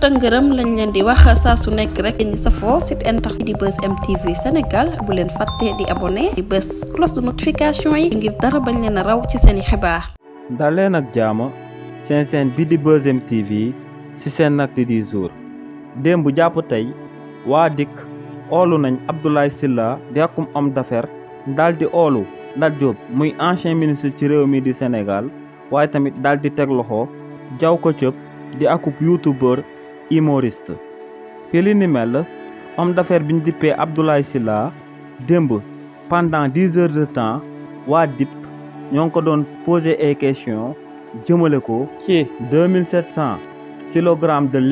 tëngërëm lañ leen di wax saa su nekk rek ñu safoo site internet di bës MTV Sénégal bu leen fàtte di abonné di bës cloche de notification yi ngir dara bañ leen raw ci seen i xibaar. dal ak jaama seen seen bi di bës MTV ci seen acte du jour démb jàpp tey waa dikk oolu nañ Abdoulaye Sylla di akum homme d'affaires daal di oolu Lat Diop muy ancien ministre ci réew mi di senegal waaye tamit daal di teg loxo Diaw Ketchup di akub youtubeur humoriste Céline homme d'affaires Bindipé Abdoulaye pendant 10 heures de temps wa DIP ñoo ko poser une questions kg ko ci de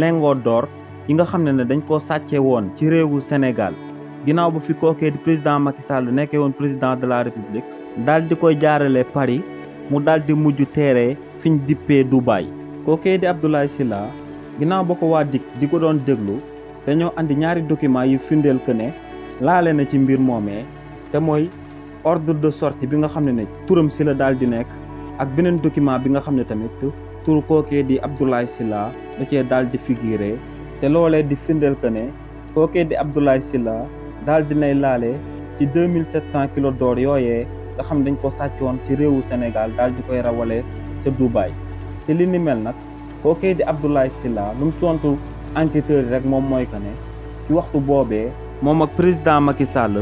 lingots d'or yi nga xamné dañ Sénégal Il bu fi président Macky Sall président de la République di koy Paris mu de di muju téré Dubaï Abdoulaye ginnaaw ba ko waa DIC di ko doon déglu dañoo indi ñaari document yu findeel que laale na ci mbir moomee te mooy ordre de sortie bi nga xam ne ne turam si la daal di nekk ak beneen document bi nga xam ne tamit tur kookee di Abdoulaye sila da cee daal di figurer te loolee di findeel que ne kookee di Abdoulaye Sylla daal di nay laale ci deux mille sept cent kilos d'or yooyee nga xam dañ ko sàccoon ci réewu Sénégal daal koy rawale ca Dubaï si li ni mel nag. kookee di Abdoulaye Sylla lu mu tontu enquêteurs yi rek moom mooy que ne ci waxtu boobee moom ak président Macky Sall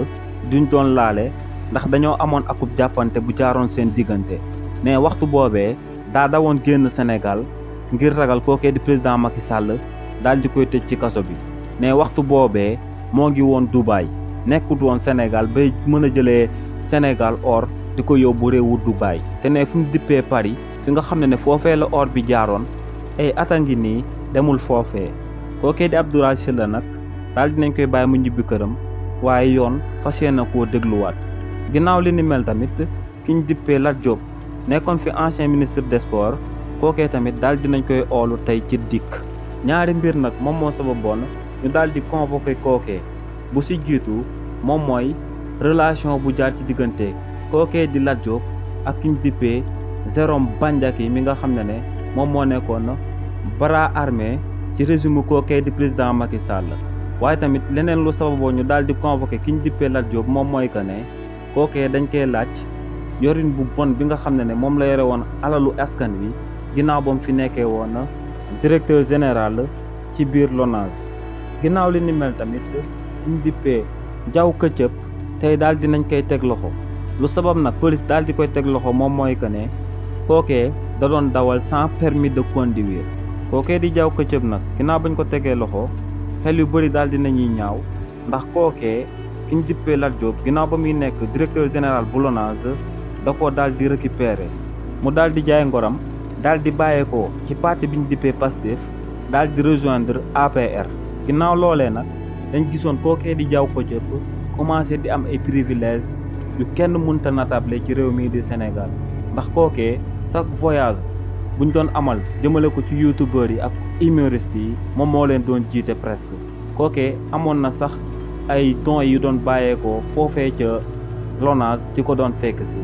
duñ doon laale ndax dañoo amoon akub jàppante bu jaaroon seen diggante mais waxtu boobee daa dawoon génn Sénégal ngir ragal kookee di président Macky Sall daal di koy tëj ci kaso bi mais waxtu boobee moo ngi woon Dubaï nekku woon Sénégal bay mën a jëlee Sénégal or di ko yóbbu réewu Dubaï te ne fu ñu dippee Paris fi nga xam ne ne foofee la or bi jaaroon ay eh, ata ngi nii demul foofe kookee di Abdou Aziz Sy nag daal dinañ koy bàyyi mu ñibbi këram waaye yoon fas yéene koo dégluwaat ginnaaw li ni mel tamit kiñ dippee Lat Diop nekkoon fi ancien ministre des sports kookee tamit daal dinañ koy oolu tey ci dikk ñaari mbir nag moom moo sababoon ñu daal di convoqué kookee bu si jiitu moom mooy relation bu jaar ci diggante kookee di Lat Diop ak kiñ dippee Jérôme Bandiaky mi nga xam ne ne moom moo nekkoon bras armé ci régime kookee di président Macky la waaye tamit leneen lu sababoo ñu daal di convoqué ki ñu dippee Lat Diop moom mooy que ne kookee dañ koy laaj yorin bu bon bi nga xam ne ne moom la yore woon alalu askan wi ginnaaw ba fi nekkee woon na directeur général ci biir LONASE ginnaaw li ni tamit ñu dippee jaww këccëb tey daal nañ koy teg loxo lu sabab nag police daal di koy teg loxo moom mooy que ne kookee da doon dawal sans permis de conduire kookee di jaaw këccëb nag ginnaaw bañ ko tegee loxo xel yu bëri daal dinañuy ñaaw ndax kookee ki ñu dippee Lat Diop ginnaaw ba muy nekk directeur général bu da ko daal di récupérer mu daal di jaay ngoram daal di ko ci parti bi ñu dippee Pastef daal di rejoindre APR ginnaaw loolee nag dañ gisoon kookee di jaaw këccëb commencé di am ay privilèges yu kenn mënta natable ci réew mii di Sénégal ndax kookee chaque voyage bu ñu doon amal jëmale ko ci youtubeurs yi ak humoriste yi moom moo leen doon jiite presque kooke amoon na sax ay dons yu doon bàyyeekoo foofee ca Lonase ci ko doon fekk si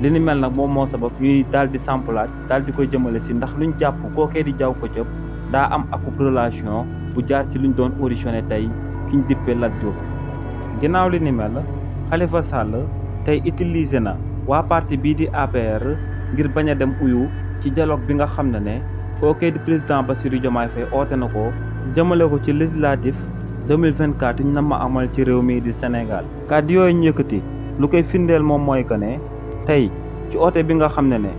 li ni mel nag moom moo sabab ñuy daal di sampalaat daal di koy jëmale si ndax luñ jàpp kookee di jaw ko cëp daa am akub relation bu jaar ci luñ doon auditionné tey kiñ dippee Lat Diop li ni mel tey utilisé na waa parti bii di APR ngir bañ a dem uyu ci dialogue bi nga xam ne ne kooku di président Bassirou Diomaye Faye oote na ko jëmale ko ci législatif 2024 ñu na ma amal ci réew mii di Sénégal kàddu yooyu ñu yëkkati lu koy firndeel moom mooy que ne tey ci oote bi nga xam ne ne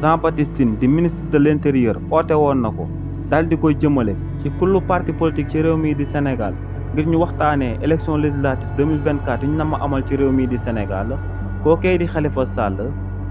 Jean Baptiste Tine di ministre de l'intérieur oote woon na ko daal di koy jëmale ci kullu parti politique ci réew mii di Sénégal ngir ñu waxtaanee élection législative 2024 ñu na ma amal ci réew mi di Sénégal kookee di Khalifa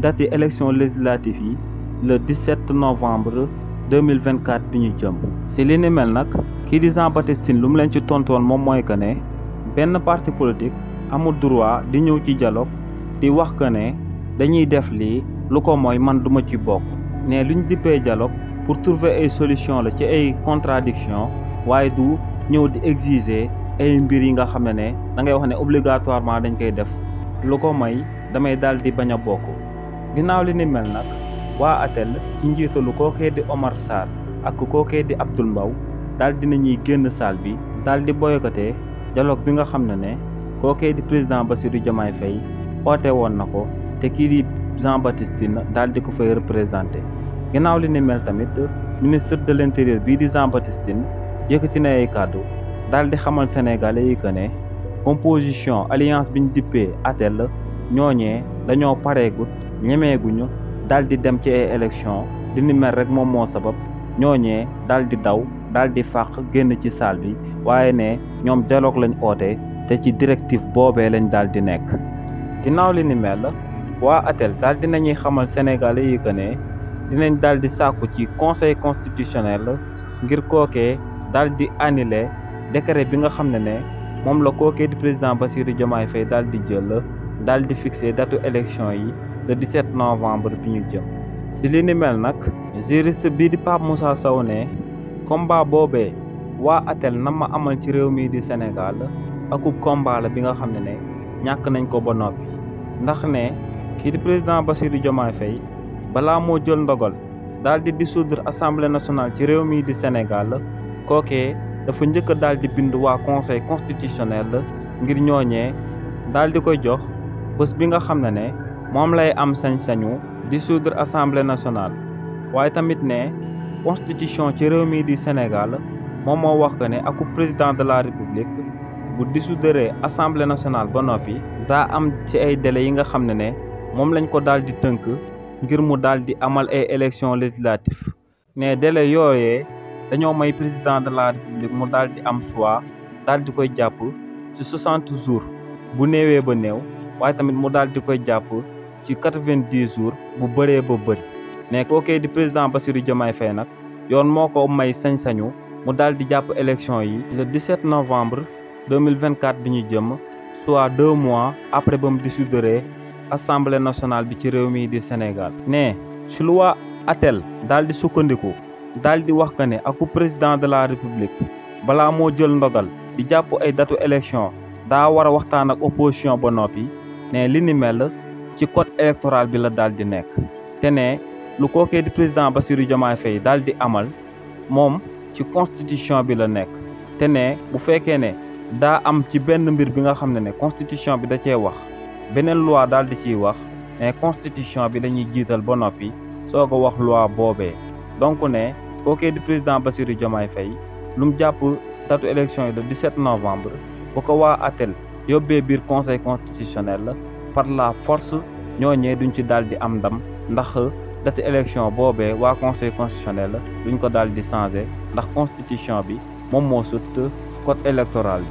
date élection législative le 17 novembre 2024 bi ñu jëm si li ni mel nag kii di Jean Baptiste lu ci parti politique amul droit di ñëw ci dialogue di wax que ne dañuy def li luko moy man duma ci bokk né dippé dialogue pour trouver ay solution la ci ay contradiction waye du ñëw di exiger ay mbir yi nga xamné ne da ngay wax né obligatoirement dañ koy def luko ko damay dal di baña ginnaaw li ni mel nag waa atel ci njiitalu kookee di Omar Sarr ak kookee di Abdoul Mbaw daal dina ñuy génn salle bi daal di boycotté dialogue bi nga xam ne ne kookee di président Bassirou Diomaye Faye oote woon na ko te kii di Jean Baptiste Tine daal di ko fay représenté ginnaaw li ni tamit ministre de l'intérieur bii di Jean batistin Tine yëkkati na kàddu daal di xamal sénégalais yi que ne composition alliance biñ dippee atel ñooñee dañoo pareegut ñemeeguñu daal dem ci élection li ni mel rek mom mo sabab ñooñee daldi daw daldi faq fàq génn ci salle bi wayé né ñom dialogue lañ oté té ci directive bobé lañ daldi nekk li ni mel wa ATEL daldi dinañuy xamal sénégalais yi que dinañ daldi saku ci conseil constitutionnel ngir kookee daal di annuler décret bi nga xamné né mom la di président Bassirou Diomaye Faye daldi jël daldi fixer datu élection yi le 17 novembre bi ñu jëm si li ni mel nag juriste bii di Pape Moussa Sow ne combat boobee waa atel na ma amal ci réew mii di Sénégal akub combat bi nga xam ne ne ñàkk nañ ko ba noppi ndax ne kii di président Bassirou Diomaye Faye balaa moo jël ndogal daal di dissoudre assemblée nationale ci réew mii di Sénégal kookee dafa njëkk a daal di bind waa conseil constitutionnel ngir ñooñee daal di koy jox bés bi nga xam ne ne moom lay am sañ-sañu dissoudre assemblée nationale waaye tamit ne constitution ci réew mi di Sénégal moom moo wax que ne aku président de la république bu dissoudre assemblée nationale ba noppi daa am ci ay délais yi nga xam ne ne moom lañ ko daal di tënk ngir mu daal di amal ay élections législatives ne délai yooye dañoo may président de la république mu daal di am choix daal di koy jàpp ci 60 jours bu néewee ba néew waaye tamit mu daal di koy jàpp ci quatre-vingt-dix jours bu bëree ba bëri mais kookee di président Bassirou Diomaye Faye nag yoon moo ko may sañ-sañu mu daal di jàpp élection yi le 17 novembre 2024 bi ñu jëm soit deux mois après ba mu dissoudre assemblée nationale bi ci réew mi di Sénégal ne si loi ATEL daal di sukkandiku daal di wax ka ne aku président de la république balaa moo jël ndogal di jàpp ay datu élection daa war a waxtaan ak opposition ba noppi ne li ni mel ci code électoral bi la daal di nekk te ne lu koké di président Bassirou Diomaye Faye daal di amal mom ci constitution bi la nek te ne bu féké né da am ci benn mbir bi nga xamné né constitution bi da cee wax beneen loi daal di wax mais constitution bi dañuy jital bo nopi soko wax loi bobé. donc ne koké di président Bassirou Diomaye Faye lum japp jàpp élection yi le 17 novembre bu ko waa atel yóbbee bir conseil constitutionnel la par la force ñooñee duñ ci daldi am ndam ndax date élection boobee wa conseil constitutionnel duñ ko daldi changer ndax constitution bi mom mo sut code électoral